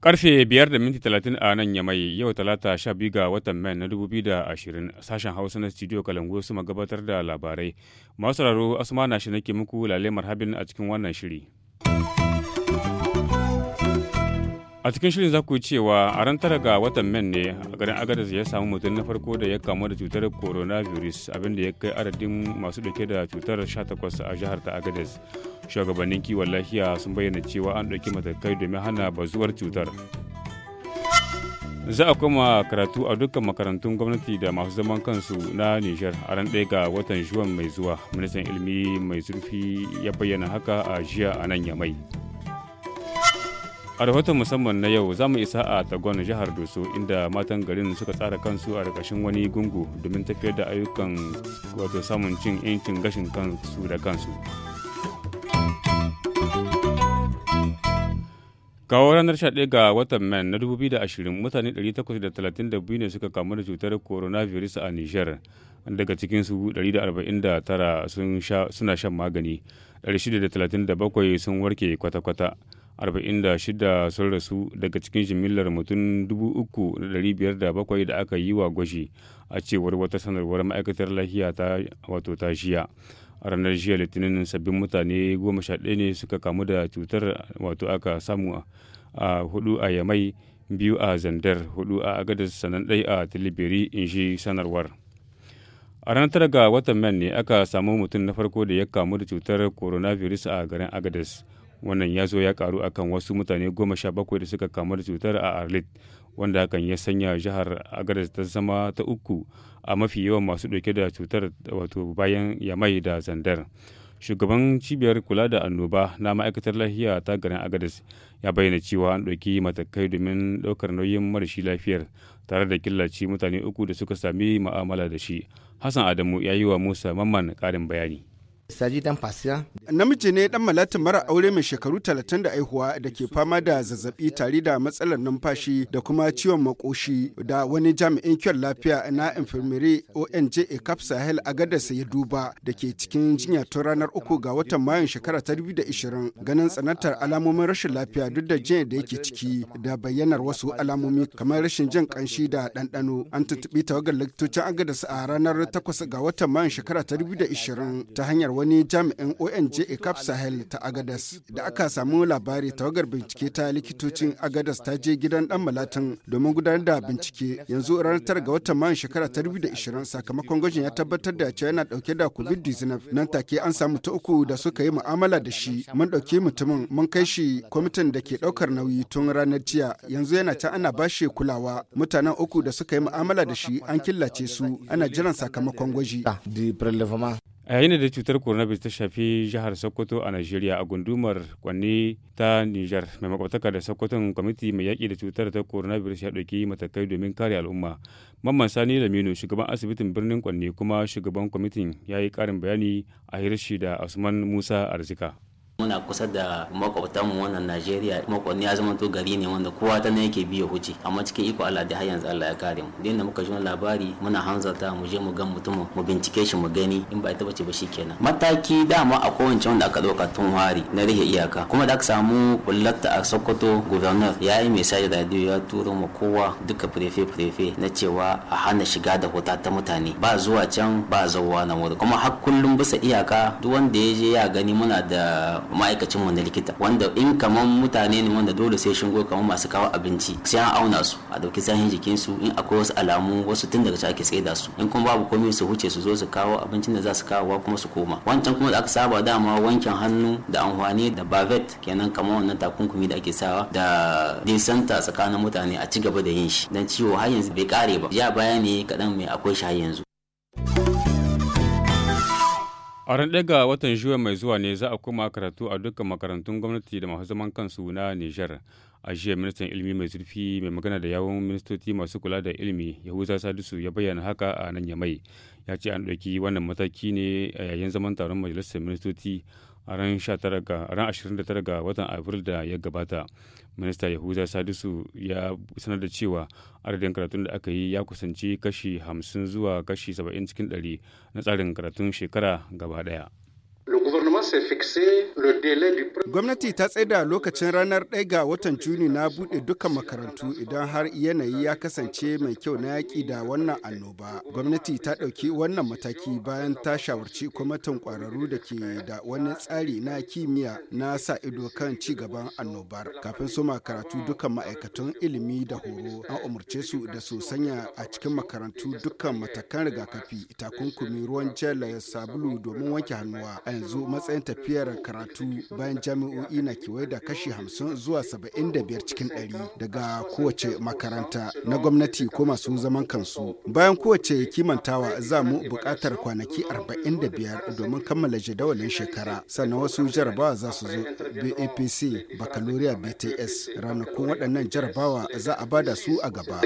Karfe biyar da minti talatin a nan ya mai yau talata sha biyu ga watan mai na dubu biyu da ashirin sashen hausa na studio Kalangu su gabatar da labarai. Masu raro asuma na shi nake muku lalemar habin a cikin wannan shiri. a cikin shirin za ku cewa a ran tara ga watan man ne a garin agadas ya samu mutum na farko da ya kamu da cutar coronavirus abinda ya kai adadin masu dauke da cutar 18 a jihar ta agadas shugabannin kiwon lafiya sun bayyana cewa an ɗauki matakai domin hana bazuwar cutar za a koma karatu a dukkan makarantun gwamnati da masu zaman kansu na nijar a ran ɗaya ga watan juwan mai zuwa ministan ilimi mai zurfi ya bayyana haka a jiya a nan yamai. mai a rahoton musamman na yau za mu isa a tagon jihar doso inda matan garin suka tsara kansu a ƙarƙashin wani gungu domin tafiyar da ayyukan wato samun cin 'yancin gashin kansu da kansu kawo ranar 11 ga watan man na 2020 mutane 832 ne suka kamu da cutar coronavirus a niger daga cikinsu 149 suna shan magani 637 sun warke kwata-kwata 46 sun rasu daga cikin jimillar mutum 3,507 da aka yi wa gwashi a cewar wata sanarwar ma'aikatar lafiya ta wato ta a ranar jiya litinin sabbin mutane goma 11 ne suka kamu da cutar wato aka samu a hudu a yamai biyu a zandar hudu a agadas sanan ɗai a tilibiri in ji sanarwar a ranar tara ga watan man ne aka samu mutum na farko da ya kamu da cutar coronavirus a garin agadas wannan ya zo ya karu akan wasu mutane goma sha bakwai da suka kamu da cutar a arlit wanda hakan ya sanya jihar agadez ta zama ta uku a mafi yawan masu ɗauke da cutar wato bayan yamai da zandar shugaban cibiyar kula da annoba na ma'aikatar lafiya ta garin agadez ya bayyana cewa an ɗauki matakai domin ɗaukar nauyin marashi lafiyar tare da killaci mutane uku da suka sami ma'amala da shi hassan adamu ya yi wa musa mamman ƙarin bayani Saji dan fasiya. Namiji ne dan malati mara aure mai shekaru talatin da aihuwa da ke fama da zazzabi tare da matsalar numfashi da kuma ciwon makoshi da wani jami'in kiwon lafiya na infirmary ONJ Cap Sahel a gadarsa ya duba da ke cikin jinya tun ranar uku ga watan Mayun shekara ta ishirin ganin tsanantar alamomin rashin lafiya duk da jinya da yake ciki da bayyanar wasu alamomi kamar rashin jin kanshi da ɗanɗano an tuntuɓi tawagar likitocin agadarsa a ranar takwas ga watan Mayun shekara ta ishirin ta hanyar wani jami'in ONG ECAP Sahel ta Agadas. Da aka samu labari tawagar bincike ta likitocin Agadas ta je gidan dan Malatin domin gudanar da bincike. Yanzu ranar tara ga watan Mayu shekara ta 2020 sakamakon gwajin ya tabbatar da cewa yana dauke da COVID-19. Nan take an samu ta uku da suka yi mu'amala da shi. Mun dauke mutumin mun kai shi kwamitin da ke daukar nauyi tun ranar jiya. Yanzu yana ta ana bashi kulawa. Mutanen uku da suka yi mu'amala da shi an killace su ana jiran sakamakon gwaji. a yayin da cutar coronavirus ta shafi jihar sokoto a nigeria a gundumar kwanni ta niger mai makwataka da sokoton kwamiti mai yaƙi da cutar ta coronavirus ya ɗauki matakai domin kare al'umma mamman sani laminu shugaban asibitin birnin kwanni kuma shugaban kwamitin ya yi ƙarin bayani a hirshi da usman musa arzika muna kusa da makwabtanmu wannan najeriya makonni ya zama to gari ne wanda kowa ta na yake biya huce amma cikin iko allah da har yanzu allah ya kare mu da muka ji labari muna hanzarta mu je mu ga mutumin mu bincike shi mu gani in ba ita bace ba kenan mataki dama a kowace wanda aka dauka tun wari na rihe iyaka kuma da aka samu bullata a sokoto governor ya yi mesaji da radio ya turo mu kowa duka prefe prefe na cewa a hana shiga da hota ta mutane ba zuwa can ba zauwa na wuri kuma har kullum bisa iyaka duk wanda ya je ya gani muna da ma'aikacin mu na likita wanda in kaman mutane ne wanda dole sai shingo kaman masu kawo abinci sai an auna su a dauki sahin jikin su in akwai wasu alamu wasu tun daga ake tsaida su in kuma babu komai su huce su zo su kawo abincin da za su kawo kuma su koma wancan kuma da aka saba dama wankin hannu da amfani da bavet kenan kamar wannan takunkumi da ake sawa da disanta tsakanin mutane a ci gaba da yin shi dan ciwo har yanzu bai kare ba ya ne kadan mai akwai shi har yanzu A ran ɗaga watan juwa mai zuwa ne za a koma karatu a dukkan makarantun gwamnati da masu zaman kansu na Nijar. A jiya ministan ilimi mai zurfi mai magana da yawon ministoci masu kula da ilimi Yahuza Sadisu ya bayyana haka a nan Yamai. Ya ce an ɗauki wannan mataki ne a yayin zaman taron majalisar ministoci a ran 29 ga watan afril da ya gabata minista yahuza sadisu ya sanar da cewa adadin karatun da aka yi ya kusanci kashi 50 zuwa kashi 70 cikin 100 na tsarin karatun shekara gaba daya Gwamnati ta tsaida lokacin ranar 1 ga watan Juni na buɗe dukkan makarantu idan har yanayi ya kasance mai kyau na yaƙi da wannan annoba. Gwamnati ta ɗauki wannan mataki bayan ta shawarci kwamitin ƙwararru da ke da wani tsari na kimiyya na sa ido kan ci gaban annobar. Kafin su karatu dukkan ma'aikatan ilimi da horo an umarce su da su sanya a cikin makarantu dukkan matakan rigakafi takunkumi ruwan jela sabulu domin wanke hannuwa a yanzu matsayin wajen tafiyar karatu bayan jami'o'i na kewaye da kashi hamsin zuwa saba'in cikin ɗari daga kowace makaranta na gwamnati ko masu zaman kansu. Bayan kowace kimantawa za mu buƙatar kwanaki arba'in da domin kammala jadawalin shekara sannan wasu jarabawa za su zo BAPC baccalaureate BTS ranakun waɗannan jarabawa za a bada su a gaba.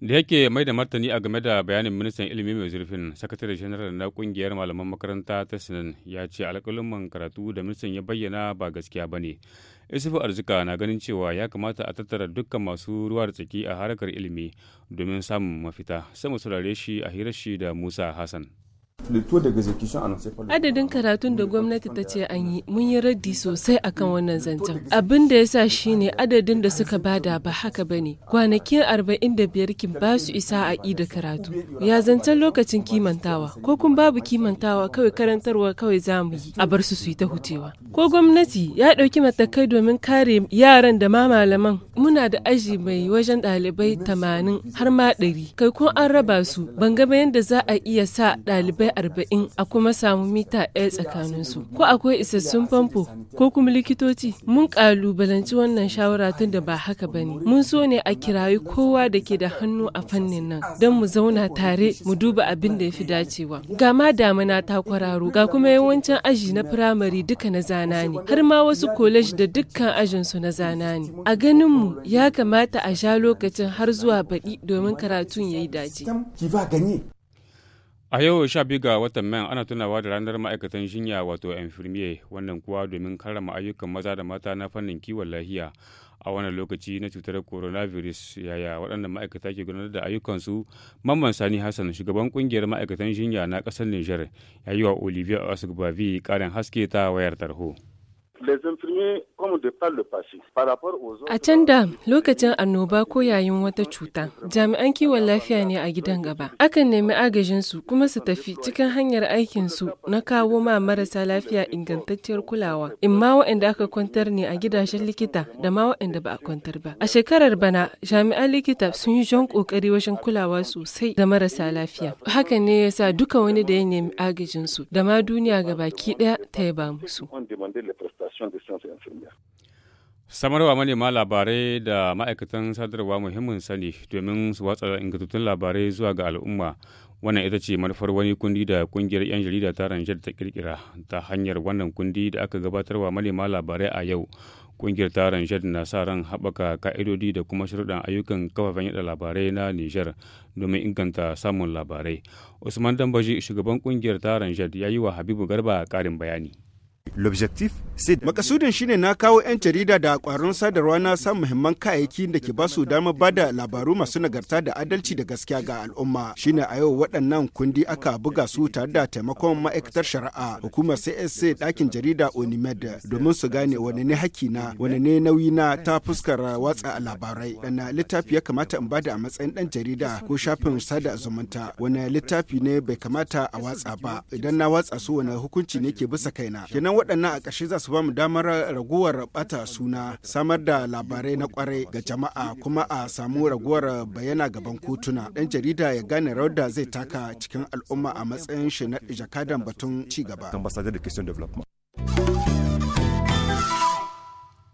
da yake mai da martani a game da bayanin ministan ilimi mai zurfin sakatare janar na kungiyar malaman makaranta ta sinan ya ce alƙaluman karatu da ministan ya bayyana ba gaskiya ba ne isufu arzika na ganin cewa ya kamata a tattara dukkan masu ruwa da tsaki a harkar ilimi domin samun mafita sai mu saurare shi a hirar shi da musa hassan Adadin karatun da gwamnati ta ce an yi mun yi raddi sosai akan wannan zancen. Abin da ya sa shi ne adadin da suka bada ba haka ba ne. Kwanakin arba'in da biyar kin ba su isa a da karatu. Ya zancen lokacin kimantawa ko kun babu kimantawa kawai karantarwa kawai za mu yi a bar su su yi ta hutewa. Ko gwamnati ya ɗauki matakai domin kare yaran da ma malaman. Muna da aji mai wajen ɗalibai tamanin har ma ɗari. Kai kun an raba su ban ga yadda za a iya sa ɗalibai arba'in a kuma samu mita ɗaya tsakaninsu ko akwai isassun famfo ko kuma likitoci mun ƙalubalanci wannan shawara tun da ba haka ba ne mun so ne a kirayi kowa da ke da hannu a fannin nan don mu zauna tare mu duba abin da ya fi dacewa ga ma damina ta kwararo ga kuma yawancin aji na firamare duka na zana ne har ma wasu kolej da dukkan ajinsu na zana ne a ganin mu ya kamata a sha lokacin har zuwa baɗi domin karatun ya yi dace. A yau sha biyu ga watan man ana tunawa da ranar ma'aikatan jinya wato infirmiye wannan kuwa domin karrama ayyukan maza da mata na fannin kiwon lahiya a wannan lokaci na cutar coronavirus yaya waɗannan ma'aikata ke gudanar da ayyukansu mamman sani hassan shugaban kungiyar ma'aikatan jinya na ƙasar niger ya yi wa olivier osigbavi ƙarin haske ta wayar tarho. A can da lokacin annoba ko yayin wata cuta, jami'an kiwon lafiya ne a gidan gaba. Akan nemi agajinsu kuma su tafi cikin hanyar aikinsu na kawo ma marasa lafiya ingantacciyar kulawa. In ma waɗanda aka kwantar ne a gidajen likita da ma waɗanda ba a kwantar ba. A shekarar bana, jami'an likita sun yi jan ƙoƙari wajen kulawa sosai da marasa lafiya. Hakan ne ya sa duka wani da ya nemi agajinsu da ma duniya gabaki ɗaya ta yaba musu. da samarwa manema labarai da ma'aikatan sadarwa muhimmin sani domin su watsa ingantattun labarai zuwa ga al'umma wannan ita ce manufar wani kundi da kungiyar 'yan jarida ta ranjar ta kirkira ta hanyar wannan kundi da aka gabatarwa manema labarai a yau kungiyar ta ranjar na sa ran haɓaka ka'idodi da kuma sharuɗan ayyukan kafafen yaɗa labarai na nijar domin inganta samun labarai usman dambaji shugaban kungiyar ta ranjar ya yi wa habibu garba ƙarin bayani L'objectif Makasudin shine na kawo 'yan jarida da kwaron sadarwa na san muhimman kayayyaki da ke basu damar ba da labaru masu nagarta da adalci da gaskiya ga al'umma. Shine a yau waɗannan kundi aka buga su tare da taimakon ma'aikatar shari'a hukumar CSC ɗakin jarida Onimed domin su gane wani ne haki na wani ne nauyi na ta fuskar watsa labarai. Dana littafi ya kamata in bada a matsayin ɗan jarida ko shafin sada zumunta wani littafi ne bai kamata a watsa ba idan na watsa su wani hukunci ne ke bisa kaina. Kenan waɗannan a ƙarshe za su ba mu damar raguwar ɓata suna samar da labarai na ƙwarai ga jama'a kuma a samu raguwar bayyana gaban kotuna ɗan jarida ya gane rawar da zai taka cikin al'umma a matsayin shi na jakadan batun ci gaba.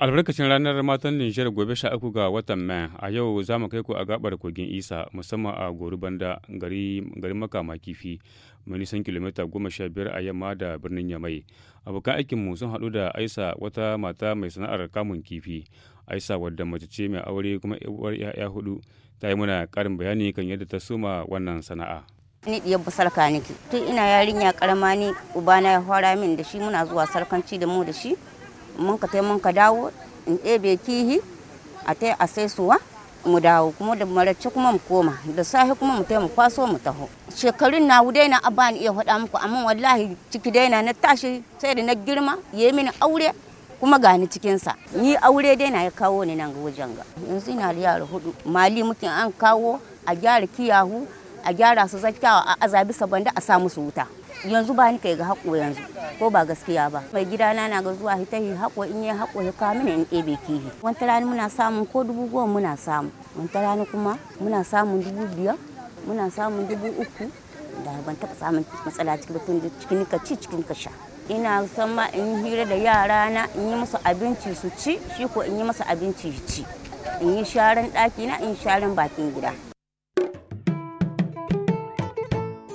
albarkacin ranar matan nijar gobe sha uku ga watan mai a yau za mu kai ku a gabar kogin isa musamman a gorubanda garin makama kifi mai nisan kilomita goma sha biyar a yamma da birnin yamai abokan aikinmu sun haɗu da aisa wata mata mai sana'ar kamun kifi aisa wadda mace ce mai aure kuma uwar 'ya'ya hudu ta yi muna karin bayani kan yadda ta suma wannan sana'a ni diyar sarka niki tun ina yarinya karama ni ubana ya fara min da shi muna zuwa sarkanci da mu da shi mun ka tai mun ka dawo in ɗebe kihi a tai a sai suwa mu dawo kuma da maraice kuma mu koma da safe kuma mu tai mu kwaso mu taho shekarun na wudai na abani iya faɗa muku amma wallahi ciki daina na tashi sai da na girma ya yi mini aure kuma gani cikinsa ni aure dai na ya kawo ni nan wajen ga yanzu ina da yara hudu mali muke an kawo a gyara kiyahu a gyara su zakkawa a azabi saboda a sa musu wuta yanzu ba ni kai ga haƙo yanzu ko ba gaskiya ba mai gida na ga zuwa hita hi haƙo in yi haƙo ya kawo mini in ɗebe kihi wata rani muna samun ko dubu goma muna samu wata rani kuma muna samun dubu biyar muna samun dubu uku da ban taɓa samun matsala cikin tun cikin ka ci cikin ka sha ina son ma in hira da yara na in yi musu abinci su ci shi ko in yi musu abinci su ci in yi sharan ɗaki na in sharan bakin gida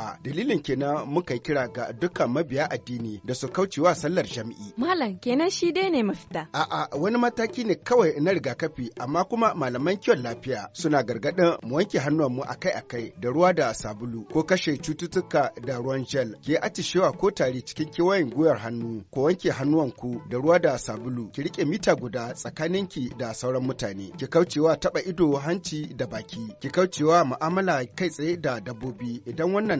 jama'a dalilin kenan muka kira ga dukkan mabiya addini da su kaucewa sallar jami'i. Malam kenan shi dai ne mafita. A'a wani mataki ne kawai na rigakafi amma kuma malaman kiwon lafiya suna gargadin mu wanke hannuwanmu akai-akai da ruwa da sabulu ko kashe cututtuka da ruwan gel ke atishewa ko tari cikin kewayen guyar hannu ko wanke hannuwanku da ruwa da sabulu ki rike mita guda tsakaninki da sauran mutane ki kaucewa taba ido hanci da baki ki kaucewa mu'amala kai tsaye da dabbobi idan wannan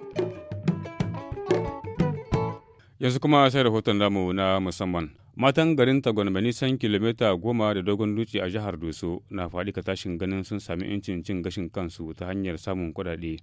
Yanzu kuma sai rahoton damu na musamman. Matan garin Tagon mai nisan kilomita goma da dogon dutse a jihar Doso na faɗi ka tashin ganin sun sami incin cin gashin kansu ta hanyar samun kuɗaɗe.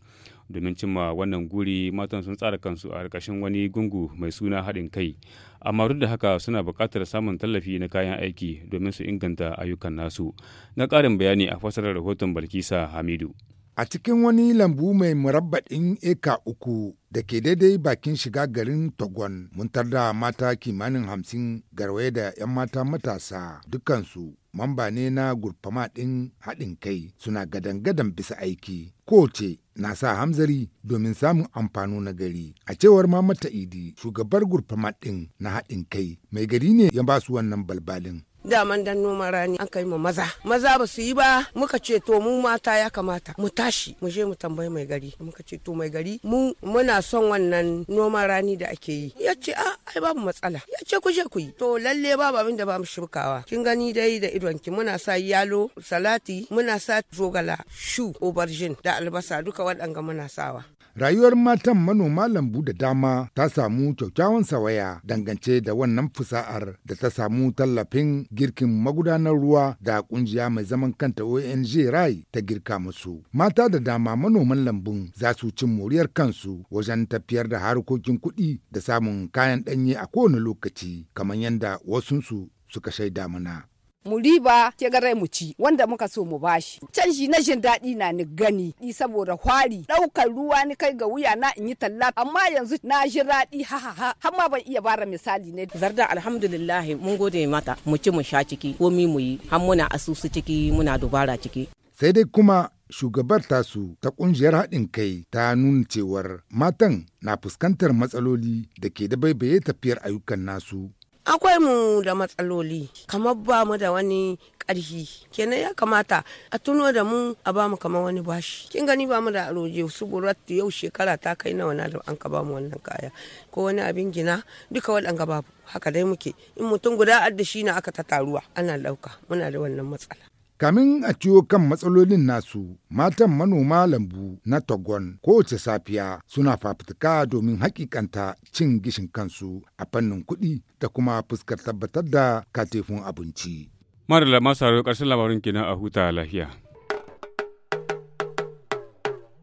Domin cimma wannan guri matan sun tsara kansu a ƙarƙashin wani gungu mai suna haɗin kai. Amma duk da haka suna buƙatar samun tallafi na kayan aiki domin su inganta ayyukan nasu. Na ƙarin bayani a fasarar rahoton Balkisa Hamidu. a cikin wani lambu mai murabbaɗin eka uku da ke daidai bakin shiga garin togon mun tarda mata kimanin hamsin garwaye da 'yan mata matasa dukansu mamba ne na gurfama ɗin haɗin kai suna gadan-gadan bisa aiki kowace na sa hamzari domin samun amfano na gari a cewar mamata idi shugabar gurfama ɗin na haɗin kai mai gari ne ya ba su wannan balbalin daman dan noman rani an kai ma maza maza ba su yi ba muka ce to mu mata ya kamata mu tashi mu je mu tambayi mai gari muka ce to mai gari mu muna son wannan noman rani da ake yi ya ce a ah, ai babu matsala ya ce ku je ku yi to lalle babu abin da ba mu shirkawa kin gani dai da idon ki muna sa yalo salati muna sa zogala shu aubergine da albasa duka waɗanga muna sawa rayuwar matan manoma lambu da dama ta samu kyakkyawan sawaya dangance da wannan fusa'ar da ta samu tallafin girkin magudanar ruwa da kungiya mai zaman kanta ONG Rai ta girka musu. Mata da dama manoman lambun za su cin moriyar kansu wajen tafiyar da harkokin kuɗi da samun kayan ɗanye a kowane lokaci kamar yadda wasunsu suka shaida mana. mu riba ke garai mu ci wanda muka so mu bashi can shi na jin daɗi na ni gani ni saboda hwari ɗaukar ruwa ni kai ga wuya na in yi talla amma yanzu na ji daɗi ha ha ha har ma ban iya bara misali ne zarda alhamdulillah mun gode mata mu ci mu sha ciki komi mu yi har muna asusu ciki muna dubara ciki sai dai kuma shugabar tasu ta kungiyar haɗin kai ta nuna cewar matan na fuskantar matsaloli da ke da baibaye tafiyar ayyukan nasu akwai mu da matsaloli kamar ba mu da wani ƙarfi kenan ya kamata a tuno da mu a ba mu kamar wani bashi kin gani ba mu da aroje su burat yau shekara ta kai nawa na da an ka ba mu wannan kaya ko wani abin gina duka waɗanga babu haka dai muke in mutum guda addashi na aka ta taruwa ana ɗauka muna da wannan matsala Kamin a ciwo kan matsalolin nasu, matan manoma lambu na Togon kowace safiya suna fafutuka domin hakikanta cin gishin kansu a fannin kuɗi da kuma fuskar tabbatar da katefin abinci. Madalla masu ƙarshen labarin kenan a huta lahiya.